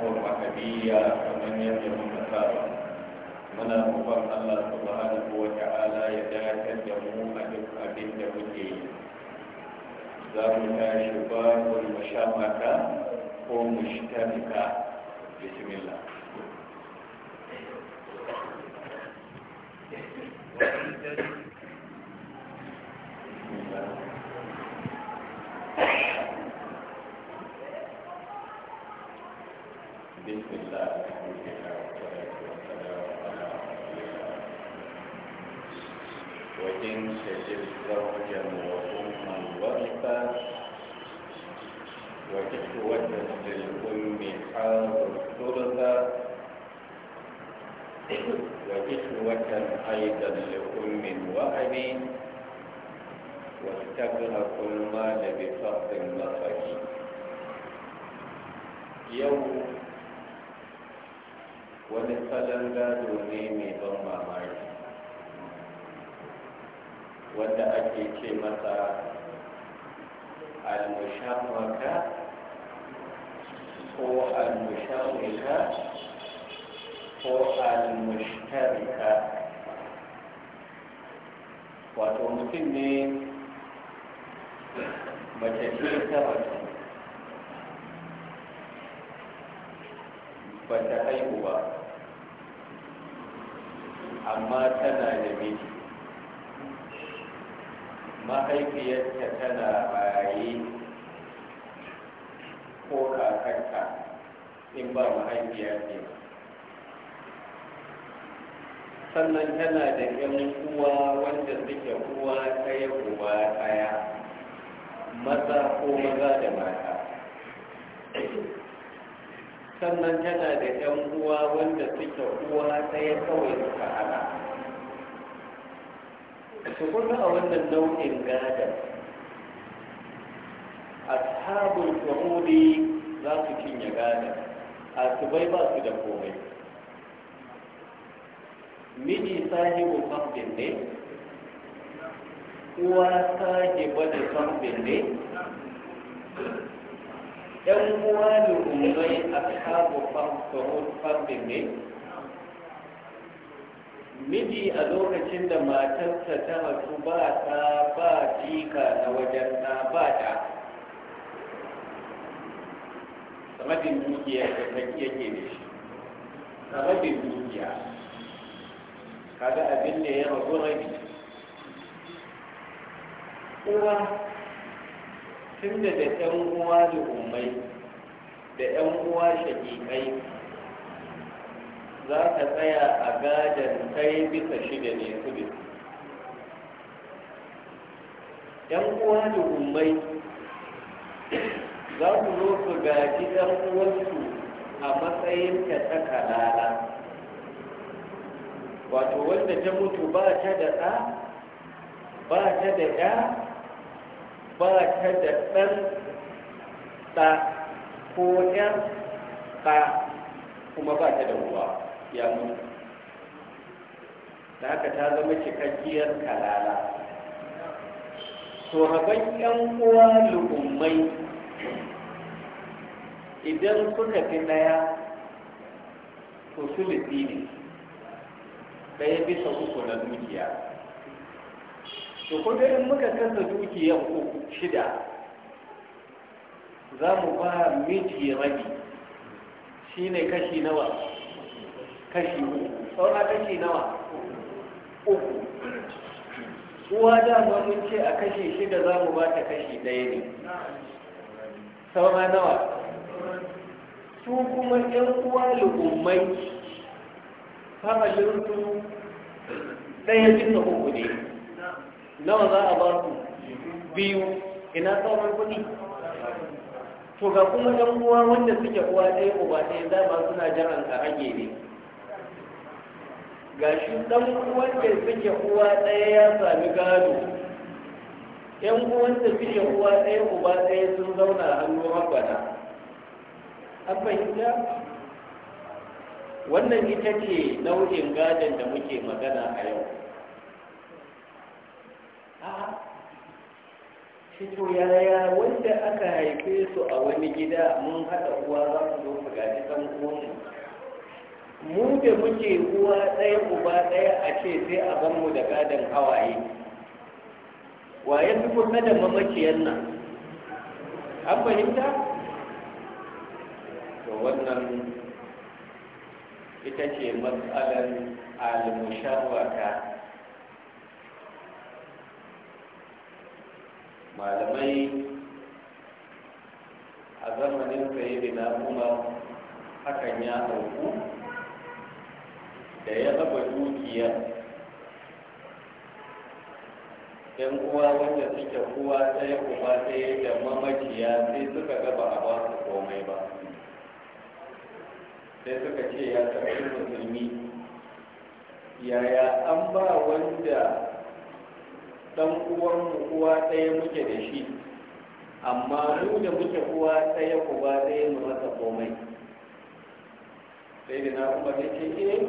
kuma habiya kamar yadda muka saba muna kuban Allah subhanahu wa ta'ala ya dace da mu a duk abin da muke yi za mu tashi ba ko mu sha mata ko mu shita mika تبلغ كل ما نبي فرق المفاهيم يوم ونسلم قادو نيمي ضمى مارك وتأتي كلمة المشاركة هو المشاركة هو المشتركة وتمكن mace ce ta mace ba ta haihu ba amma tana da miji mahaifiyarta tana raye ko kakarta in ba mahaifiya ce sannan tana da yan uwa wanda suke uwa ɗaya uba ɗaya maza ko maza da mata sannan tana da yan uwa wanda suke uwa ɗaya kawai suka hana su kuma a wannan nau'in gadon ashabul kurudi za su cinye gadon bai ba su da komai miji sahibu mafdin ne uwa ke da samfin ne ‘yan uwa da umarai a sabo famfin ne miji a lokacin da matarsa ta masu ba ta ba jika na wajen na ba ta sababin dukiya da ta yake da shi sababin dukiya kaga abin da ya rabu rabi uwa tun da da ɗan uwa da umai da ɗan uwa shaƙiƙai za ka tsaya a gadon kai bisa shida ne su bi ‘yan uwa da umai za ku zo su gaji ɗan uwansu a matsayin ta ta kalala wato wanda ta mutu ba ta da ɗa ba ta da ɗa ba ta da ɗan ɗa ko ɗan ɗa kuma ba ta da ruwa, ya mutu da haka ta zama cikakkiyar kalala to rabon ƴan uwa lu'ummai idan suka fi ɗaya to sulusi ne ɗaya bisa uku na dukiya to kuma in muka kasa dukiyar ku shida za mu ba miji rabi shi ne kashi nawa kashi uku saura kashi nawa uku uwa da mun ce a kashi shida za mu ba ta kashi ɗaya ne saura nawa su kuma ‘yan uwa lukummai fa'alinsu ɗaya bisa uku ne nawa za a ba su biyu ina tsawon kuɗi to ga kuma ɗan uwa wanda suke uwa ɗaya uba ɗaya dama suna jiran ka rage ne ga shi ɗan uwan da suke uwa ɗaya ya sami gado ƴan uwan da suke uwa ɗaya uba ɗaya sun zauna a hannu magwada an fahimta wannan ita ce nau'in gadon da muke magana a yau to yaya wanda aka haife su a wani gida mun haɗa uwa za su zo su gaji ɗan uwanmu mu da muke uwa ɗaya uba ɗaya a ce sai a ban mu da gadon hawaye Wa ya fi kuma da mamaciyar nan an fahimta to wannan ita ce matsalar al malamai a zamanin da na kuma hakan ya auku da ya raba dukiya Ɗan uwa wanda suke uwa ɗaya kuma ɗaya da mamaciya sai suka gaba a ba su komai ba sai suka ce ya tafi musulmi yaya an ba wanda dan uwanmu uwa ɗaya muke da shi amma mu da muke uwa ɗaya ba ɗaya mu masa komai sai da na kuma ya ce eh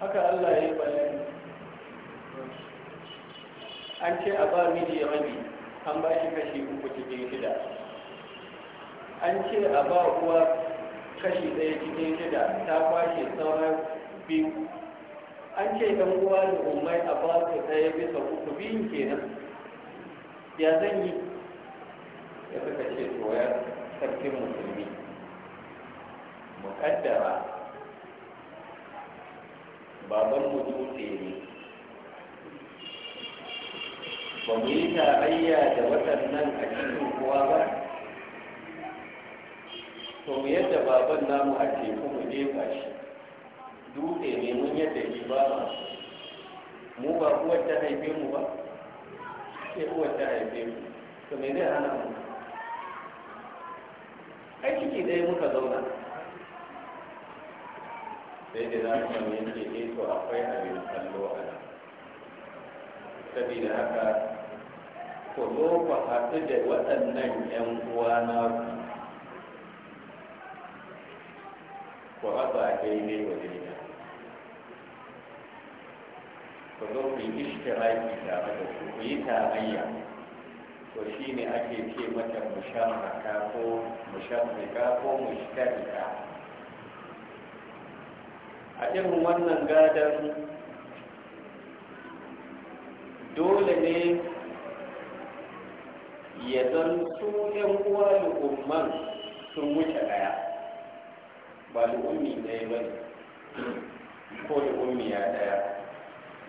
haka Allah ya yi bayani an ce a ba miji ya rabi an ba shi kashi uku cikin shida an ce a ba uwa kashi ɗaya cikin shida ta kwashe sauran biyu an ce ɗan uwa da umar a ba su ɗaya bisa uku biyun kenan ya zan yi ya suka ce tsoyar sarkin musulmi muƙaddara baban mu dutse ne ba mu yi tarayya da waɗannan a cikin kowa ba to mu yadda baban namu a teku mu jefa shi dutse mai mun yadda shi ba mu ba uwar ta haife mu ba sai uwar ta haife mu to me zai hana mu Aiki ciki dai muka zauna sai da za mu yake eh to akwai abin kallo a nan saboda haka ku zo ku haɗu da waɗannan 'yan uwa na ku haɗa daidai ne daidai ku yi ishtiraki da su ku yi tarayya to shi ne ake ce mata musharraka ko musharrika ko mushtarika a irin wannan gadon dole ne ya zan su yan uwa al'umman sun wuce ɗaya ba al'ummi ɗaya ba ne ko al'ummi ya ɗaya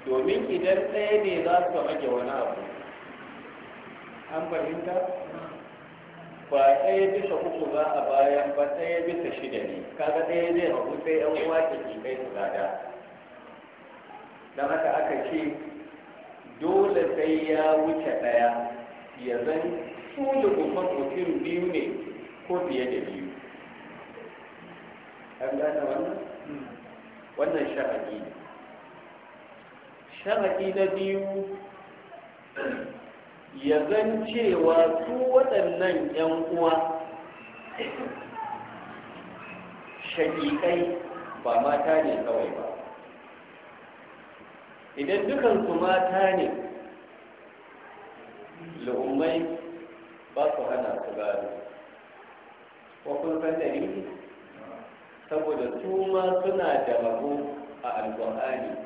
domin idan ɗaya ne za su rage wani abu an fahimta ba ɗaya bisa uku za a bayan ba ɗaya bisa shida ne kaga ɗaya zai rabu sai yan uwa ke kai su gada don haka aka ce dole sai ya wuce ɗaya ya zan tuli kuma mutum biyu ne ko fiye da biyu an gane wannan hmm. wannan sha'ani ne sharaɗi na biyu ya zan cewa su waɗannan 'yan uwa shaƙiƙai ba mata ne kawai ba idan dukansu mata ne lu'ummai ba su hana su gado wakil saboda su ma suna da rabo a alƙur'ani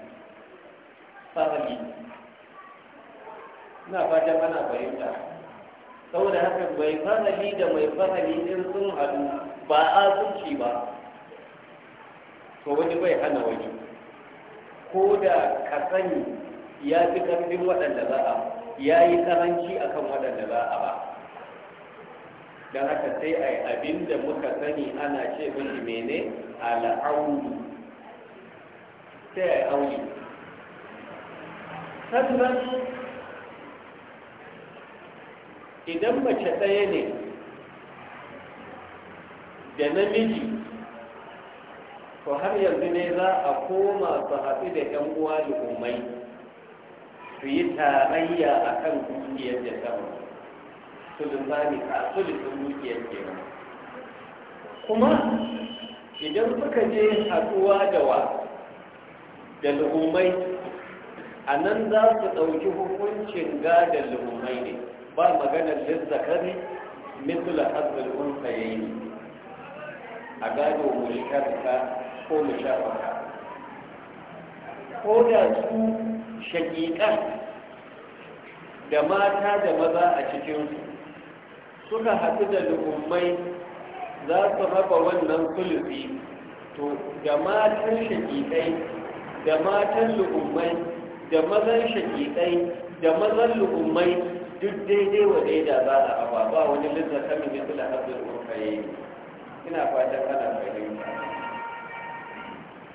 ina fata mana fahimta saboda haka bai family da mai family din sun hadu ba a zuci ba to wani bai hana wani ko da ka sani ya fi karfin waɗanda za a ya yi karanci akan waɗanda za a ba don haka sai a yi abin da muka sani ana ce mishi mene al'auni sai a yi auni sannan idan mace ɗaya ne da namiji to har yanzu ne za a koma su haɗu da 'yan uwa da umai su yi tarayya a kan dukiyar da sama sulmani a sulhun dukiyar kenan kuma idan suka je haɗuwa da wa da umai. a nan za su ɗauki hukuncin gadon lumai ne ba maganar lizzakari mitula hazbin ya yi, a gado mulkarka ko musharaka ko da su shakikan da mata da maza a cikinsu suka haɗu da lumai za su raba wannan sulufi to da matan shakikai da matan lumai da mazan shaƙiƙai da mazan lu'ummai duk daidai wa daida za a raba ba wani lizzata min ya kula hafin kurkaye ina fatan ana fahimta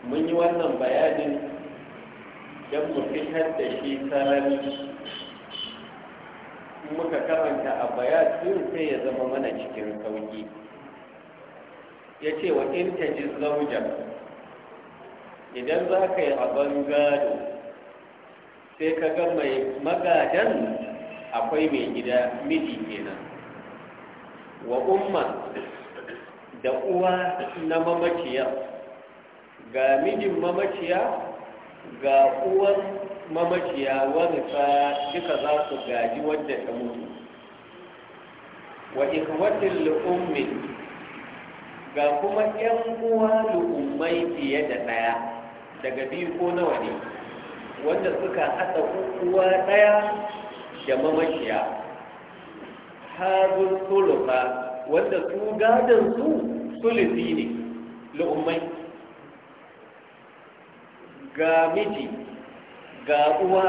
mun yi wannan bayanin don mu fitar da shi sarari muka karanta a bayanin sai ya zama mana cikin sauki ya ce wa intajin ta ji zaujan idan za ka yi a sai ka ga mai magadan akwai mai gida miji kenan wa umma da uwa na mamaciya ga mijin mamaciya ga uwan mamaciya wani fa duka za su gaji wadda ta mutu wa ikwatin lu'ummin, ga kuma 'yan uwa lu'ummai fiye da ɗaya daga biyu ko nawa ne wanda suka haɗa uwa ɗaya da mamashiya hazin sulufa wanda su gadon su sulufi ne lu'ummai ga miji ga uwa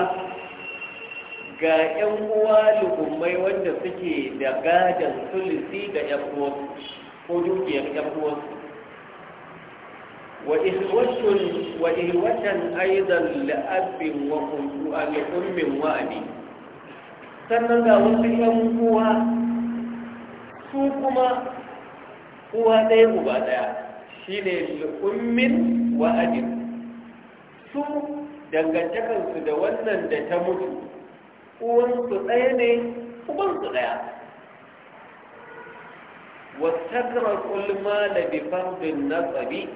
ga 'yan uwa lu'ummai wanda suke da gadon sulufi ga 'yan uwansu ko dukiyar 'yan uwansu وإهوة أيضا لأب وأم وأبي sannan ga wasu ‘yan kowa su kuma kowa ɗaya uba ɗaya shi ne wa'adin su dangantakansu da wannan da ta mutu uwansu ɗaya ne ubansu ɗaya wasu da bifar nasabi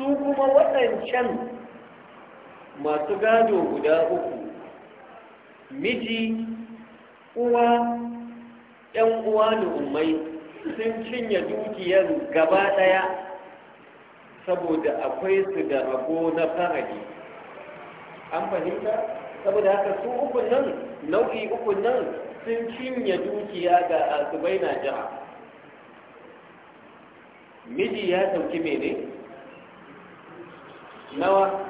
su kuma waɗancan masu gado guda uku miji uwa ‘yan uwa da umai sun cinye dukiyar gaba ɗaya saboda akwai su da rago na farari an fahimta saboda haka su uku nan nau'i uku nan sun cinye dukiya ga asibai na jiha miji ya sauki mene nawa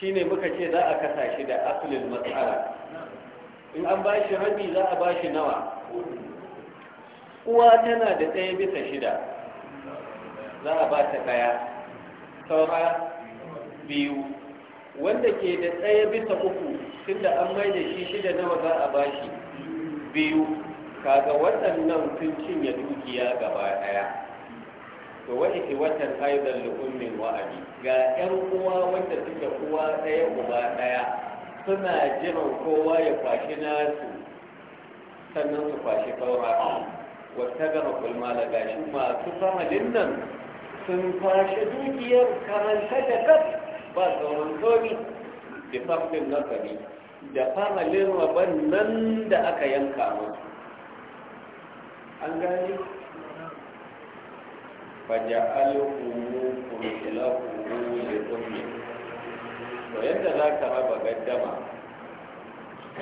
Shi ne muka ce za a kasa shi da asalin matsala. in an ba shi rabi za a ba shi nawa uwa tana da ɗaya bisa shida za a ba ta ɗaya saura biyu wanda ke da ɗaya bisa uku tunda an maida shi shida nawa za a ba shi biyu kaga waɗannan tun cinye dukiya gaba ɗaya to wani ke watan aizan lukumin wa'adi ga 'yan uwa wanda suke uwa ɗaya uba ɗaya suna jiran kowa ya kwashi nasu sannan su kwashi saura wata gama kulma da gashi masu samalin nan sun kwashi dukiyar karanta da kaf ba sauran komi da fafin nasari da famalin rabon nan da aka yanka musu an gani faja'alhu kumtilahu li ummi to yadda za ka raba gaddama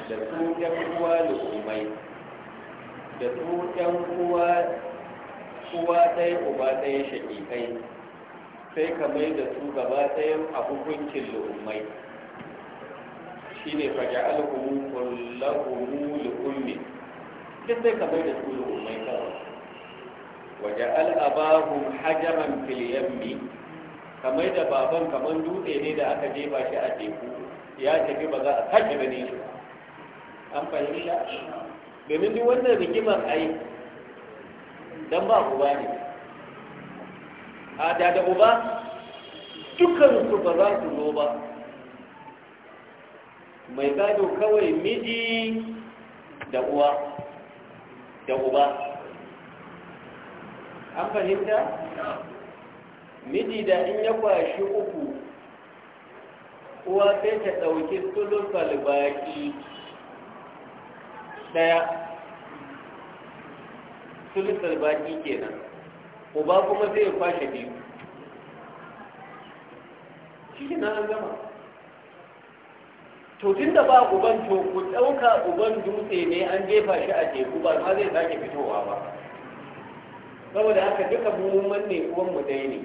da su ɗan uwa lukumai da su ɗan uwa uwa ɗaya uba ɗaya shaƙiƙai sai ka mai da su gaba ɗayan a hukuncin lukumai shi ne faja'alhu kumtilahu li ummi duk sai ka mai da su lukumai kawai waje al’abahu hajaran fil yammi kamar da baban kamar dutse ne da aka jefa shi a teku ya tafi ba za a kaji gane shi an fahimta domin duk wannan rigimar ai dan ba ba ne a da da uba dukkan su ba za su zo ba mai gado kawai miji da uwa da uba an fahimta miji da in ya kwashi uku uwa sai ta ɗauki sulufal baƙi ɗaya sulufal baƙi kenan uba kuma zai kwashe biyu shi na an gama to tun da ba uban to ku ɗauka uban dutse ne an jefa shi a teku ba ma zai sake fitowa ba saboda haka duka muhimman ne uwan mu dai ne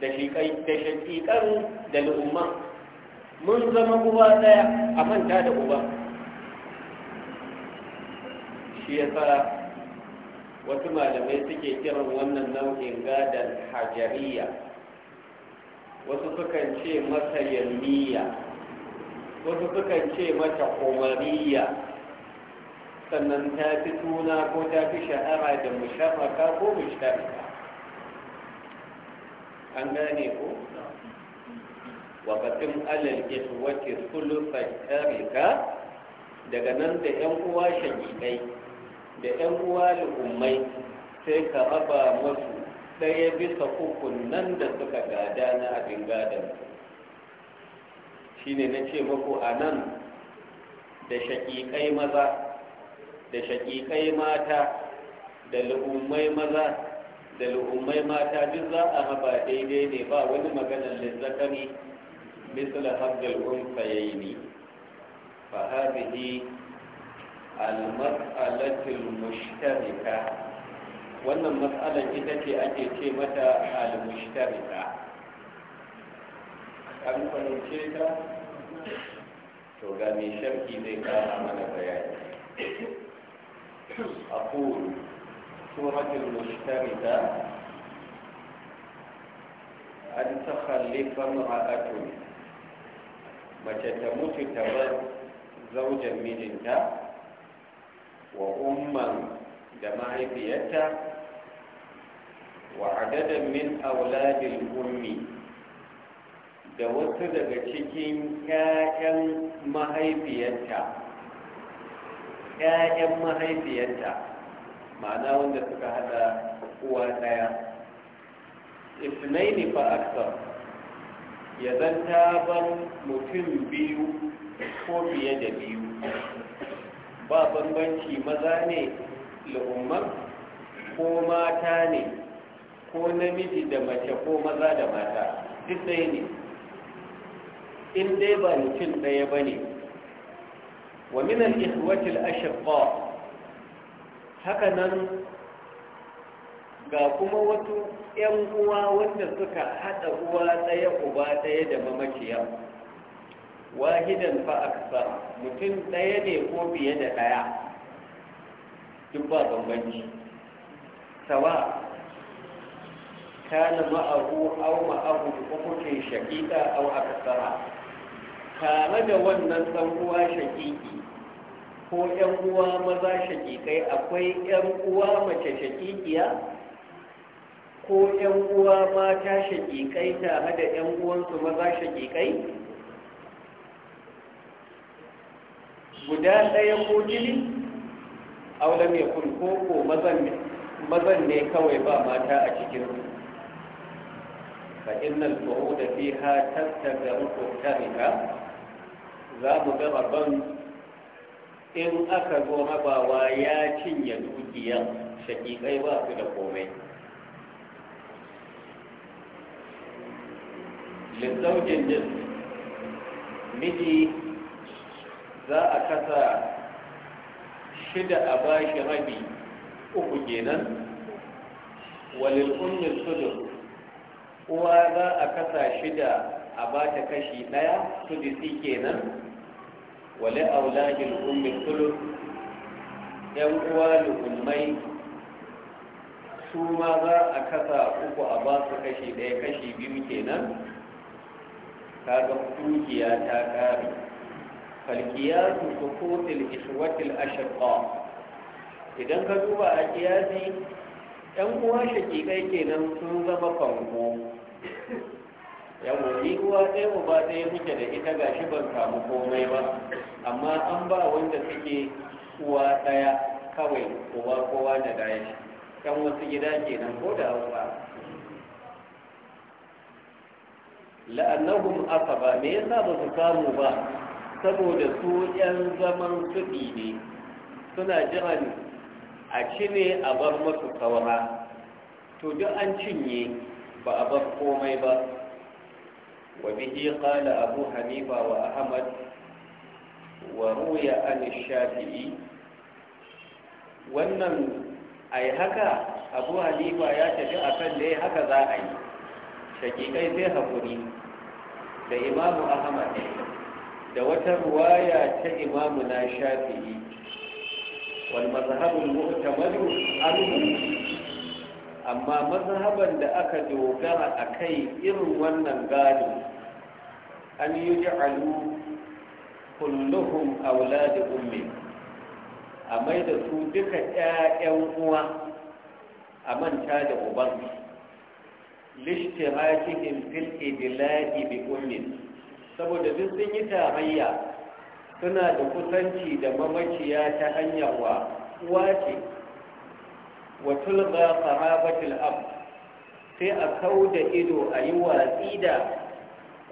da kai da shaƙiƙan da al'umma mun zama uba ɗaya a manta da uba shi ya sa wasu malamai suke kiran wannan nau'in gadon hajariya wasu sukan ce masa yalmiya wasu sukan ce mata umariya sannan ta fi tuna ko ta fi shahara da musharraka ko musharraka an gane ko wakatin alal ihwati sulu tarika daga nan da yan uwa shahidai da yan uwa al'ummai sai ka raba masu ɗaya bisa ukun nan da suka gada na abin gadon ne na ce maku a nan da shaƙiƙai maza da shaƙiƙai mata da lu'ummai maza da lu'ummai mata duk za a haɓa daidai ne ba wani maganar lizzakari misla habdal unsayaini fa hadhihi al ne al-mushtarika wannan mas'alar ita ce ake ce mata al-mushtarika an fahimce ta to ga mai sharki zai kama mana bayani أقول سورة مشتركة أن تخلف امرأة متى تموت تبر زوجا مجنتا وأما دمعبيتا وعددا من أولاد الأم da wasu daga cikin 'ya'yan mahaifiyarta 'ya'yan mahaifiyarta ma'ana wanda suka hada uwa ɗaya isnaini fa aksar ya zanta bar mutum biyu ko biye da biyu ba bambanci maza ne la'umma ko mata ne ko namiji da mace ko maza da mata duk ɗaya ne in dai ba mutum ɗaya ba ne wa min al-ikhwati al-ashqa haka nan ga kuma wasu ‘yan uwa wanda suka haɗa uwa ɗaya uba ɗaya da mamaciya wahidan fa aksa mutum ɗaya ne ko fiye da ɗaya duk ba bambanci sawa kana abu au ma'ahu kuke shaƙiƙa au aksara tare da wannan ɗan uwa shakiki ko ‘yan uwa maza shakikai akwai ‘yan uwa mace shakikiya ko ‘yan uwa mata shakikai tare da ‘yan uwansu maza shakikai guda ɗaya ko jini aulam mai kurko ko mazan ne kawai ba mata a cikin fa innal fuhuda fiha tattagaru ko tarika za mu ga rabon in aka zo mabawa ya cinye dukiyar shakikai ba su da komai lissaukin jin miji za a kasa shida a bashi rabi uku kenan walil ummi sudur uwa za a kasa shida a ba ta kashi daya sudisi kenan wale auladil ummi kullu yan uwa Lukulmai, su ma za a kasa uku a ba su kashi ɗaya kashi biyu kenan kaga dukiya ta ƙare falkiyasu su kotil ishwatil ashirka idan ka duba a kiyasi Ɗan uwa shakikai kenan sun zama fango yawon ni uwa ɗaya uba ɗaya muke da ita ga shi ban samu komai ba amma an ba wanda suke uwa ɗaya kawai kowa kowa da ɗaya kan wasu gida kenan ko da uba la'annahum asaba me yasa ba su samu ba saboda su yan zaman suɗi ne suna jiran a ci ne a bar masu saura to duk an cinye ba a bar komai ba وبه قال أبو حنيفة وأحمد وروي عن الشافعي wannan ai haka abu halifa ya tafi a kan dai haka za a yi shakikai sai haƙuri da imamu ahmad da wata ruwaya ta imamu na shafi'i wal mazhabul mu'tamadu anhu amma mazhaban da aka dogara a kai irin wannan gado an yi ji'alu kulluhum auladi ummi a mai da su duka 'ya'yan uwa a manta da uban lishtirakihim fil idlaqi bi ummi saboda duk sun yi tarayya suna da kusanci da mamaciya ta hanyar wa uwa ce wa tulga sahabatul ab sai a kauda ido a yi watsi da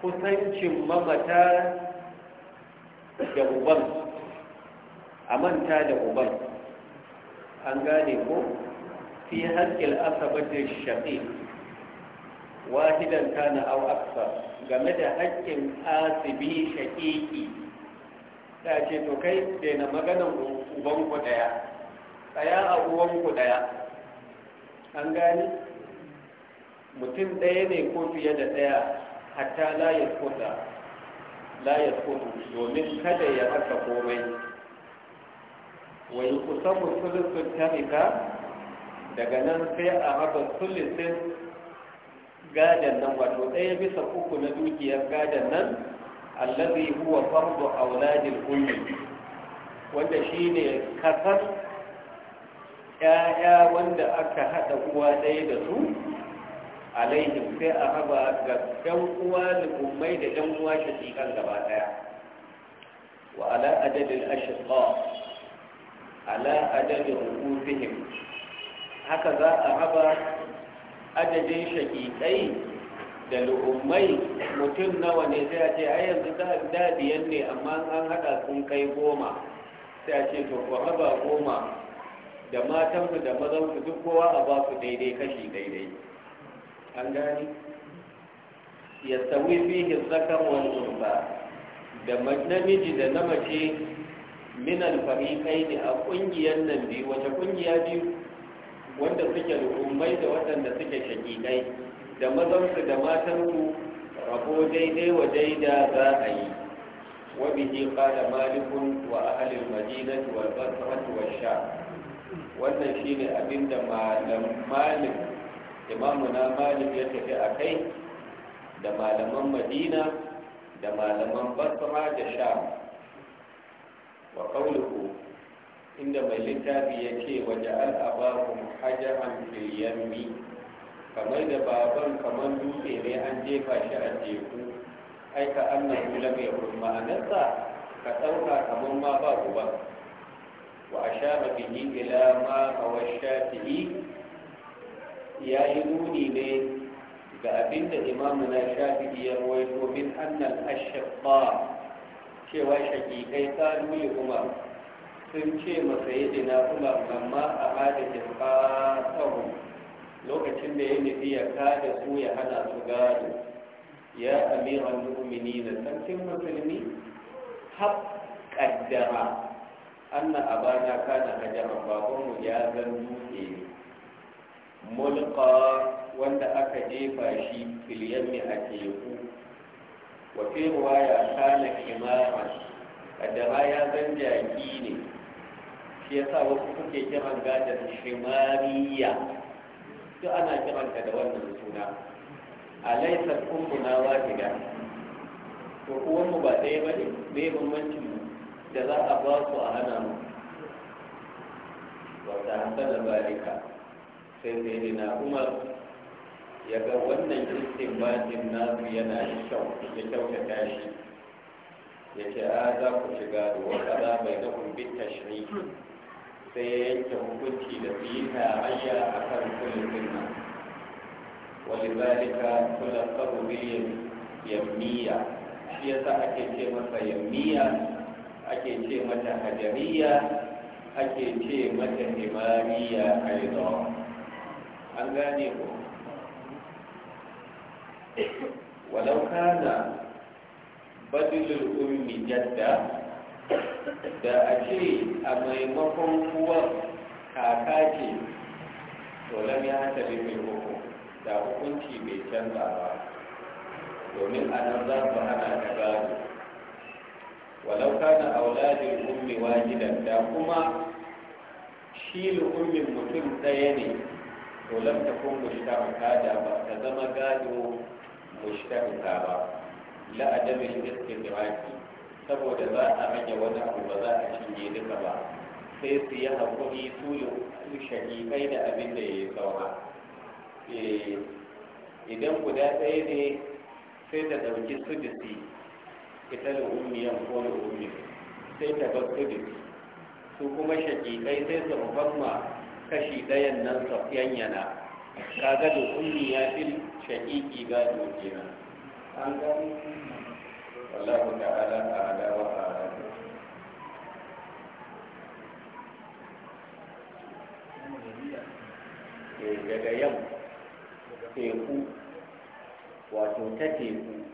kusancin mamata da uban a manta da uban an gane ko fi haƙƙil asabatul Shafi wahidan kana au aksa game da haƙƙin asibi shaƙiƙi ta ce to kai daina maganan uban ku ɗaya tsaya a uwanku ɗaya an gani mutum ɗaya ne ko fiye da ɗaya hatta la ya kuta la kuta domin kada ya haka komai wai kusan musulun tarika daga nan sai a haka sulisin gadon nan wato ɗaya bisa uku na dukiyar gadan nan allazi huwa fardu auladil ummi wanda shine kasar ‘ya'ya wanda aka haɗa kuwa ɗaya da su alaihim sai a haba ga ɗan uwa lukumai da ɗan uwa shaƙiƙan gaba ɗaya wa ala adadin ashiƙa ala adadin rukufihim haka za a haba adadin shaƙiƙai da lukumai mutum nawa ne sai a ce a yanzu da biyan ne amma an haɗa sun kai goma sai a ce to ku haba goma da matanmu da su duk kowa a ba su daidai kashi daidai an gani ya sami fihin zakar wani ba da namiji da na mace min kai ne a ƙungiyar nan biyu wace ƙungiya biyu wanda suke rukumai da waɗanda suke shakikai da su da matansu rabo daidai wa daida za a yi bihi qala malikun wa al-madinati wal basratu wa sha wannan shi ne abinda malam imamuna malin ya tafi a kai da malaman madina da malaman basra da Sha. wa qawluhu inda mai littafi ya ce waje al'abarun hajaran fil kamar da baban kamar dutse ne an jefa shi a teku aika mai lam a nasa ka ɗauka kamar ma ba ku ba. وأشار به إلى ما روى الشافعي يا يدوني لي فأبند إمامنا الشافعي يرويه من أن الأشقاء شوى شقيقي قالوا لعمر sun ce masayidina umar amma a hada jirfasahu lokacin da ya nufi ya kada su ya hana su gado ya amiran mu'mini na satin musulmi haƙ ƙaddara anna abana kana hajaran babanmu ya zan dutse ne mulka wanda aka jefa shi filiyammi a teku wafi ruwaya kana kimara? kaddara ya zan jaki ne shi yasa wasu kuke kiran gadar shimariya duk ana kiranta da wannan suna A alaisar kumbuna wahida to uwanmu ba ɗaya ba ne mai bambancin mu da za a ba su a hana mu wata hasala barika sai sai ne na umar ya ga wannan istinbatin nasu yana da kyau ya ya ce a za ku shiga da wata bai na kumbin tashri sai ya yanke hukunci da su yi tarayya a kan kulkin nan wani zalika kula sabu biliyan yammiya shi sa ake ce masa yammiya ake ce mata hajariya ake ce mata himariya aida an gane ko walau kana badilul ummi jadda da a ce a maimakon kuwar kaka ce to lam ya tafi mai hukum da hukunci bai canza ba domin a nan za su hana ta gado walau kana auladin ummi wahidan da kuma shi ummin mutum ɗaya ne to lam takun mushtaraka da ba ta zama gado mushtaraka ba la adamin istiraki saboda za a rage wani abu ba za a cinye duka ba sai su yi haƙuri su kai da abin da ya yi saura eh, idan guda ɗaya ne sai ta ɗauki su jisi. ita da ummiyan ko da ummi sai ta ba su kuma shakikai sai su ma kashi ɗayan nan safiyan yana ga da ummi ya fi shakiki gado kenan an gani wallahu ta'ala ta'ala wa ta'ala eh, daga yau teku wato ta teku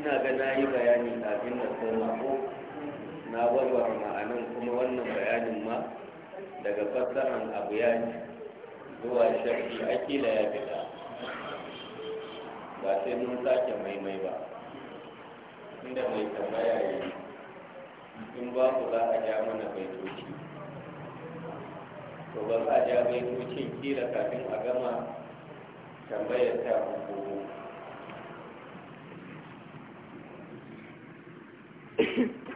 ina ga na yi bayani abin da koma ko na warware ma'anan kuma wannan bayanin ma daga fassaran abu ya ce zuwa shafi akila ya fita ba sai mun sake maimai ba inda mai tambaya ya yi in ba ku za a ja mana baitoci to ba za a ja baitocin kila kafin a gama tambayar ta hukumu